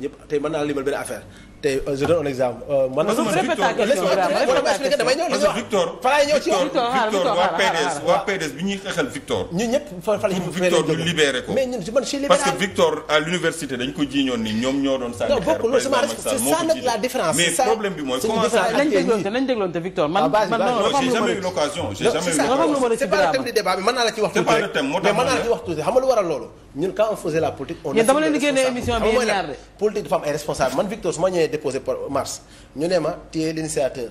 ñëpp tey mën naa limal benn affaire tey euh, je donne un exemple. Euh, man de ma répété ak question bi damay ñëw li nga wax Victor. Falaay ñëw ci yow Victor Victor waa PDS waa PDS bi ñuy xeexal Victor. ñun ñëpp fa fa la ñuy Victor ñu libéré ko. mais ñun man je suis libéral parce que Victor à l'université dañ ko jiiñoon ni ñoom ñoo doon. sànni xeer président Macky Sall moo ko jiiñoon mais problème bi mooy. comment ça nañ dégloonte nañ dégloonte Victor. man ah, man non j'ai jamais eu l'occasion j'ai jamais eu l'occasion. c'est pas le thème du débat bi mën naa la ci wax tuuti rek mais mën naa la ci wax tuuti xam nga lu waral loolu ñun quand on faisait la politique on dama leen di génne émission bi ñaar de politique dafa am ay responsable man Victor su ma ñëwee déposé par mars ñu ne ma tu es l'initiateur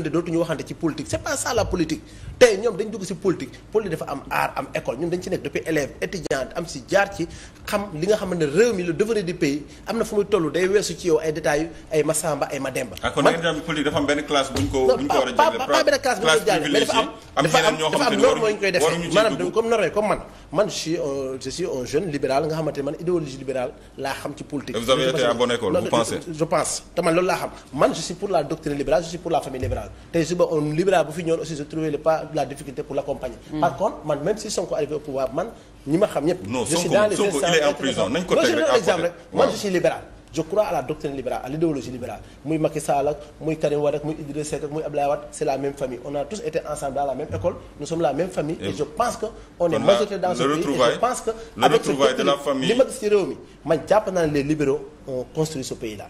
jëflante dootuñu waxante ci politique c'est pas ça la politique ñoom dañ dugg si politique politique dafa am art am école ñun dañ ci nekk depuis élève étudiant am si jaar ci xam li nga xamante réew mi le devenir du pays am na fu muy toll day weesu ci yow ay détails ay Massamba ay Mademba. Ah, kon politique dafa am benn ñu koy defee maanaam comme normal comme man man euh, je suis un jeune libéral nga xamante man idéologie libérale laa xam ci politique. vous avez loolu laa xam tey suba on libéral bu fi ñëwoon aussi je trouvais le pas la difficulté pour l'accompagner. Hmm. par contre man même si Sonko arrivé au pouvoir man ñi ma xam ñëpp. non Sonko Sonko il est en prison nañ ko teg rek exemple rek man je suis libéral. je crois à la doctrine libérale à l'idéologie libérale muy Macky Sall ak muy Karim Wade ak muy Idrissa Seck ak muy Abdoulaye Wade c'est la même famille on a tous été ensemble dans la même école nous sommes la même famille. et je pense que on est majorité dans ce pays et je pense que. avec ce li ma gis ci réew mi man jàpp naa ne les libéraux ont construit ce pays là.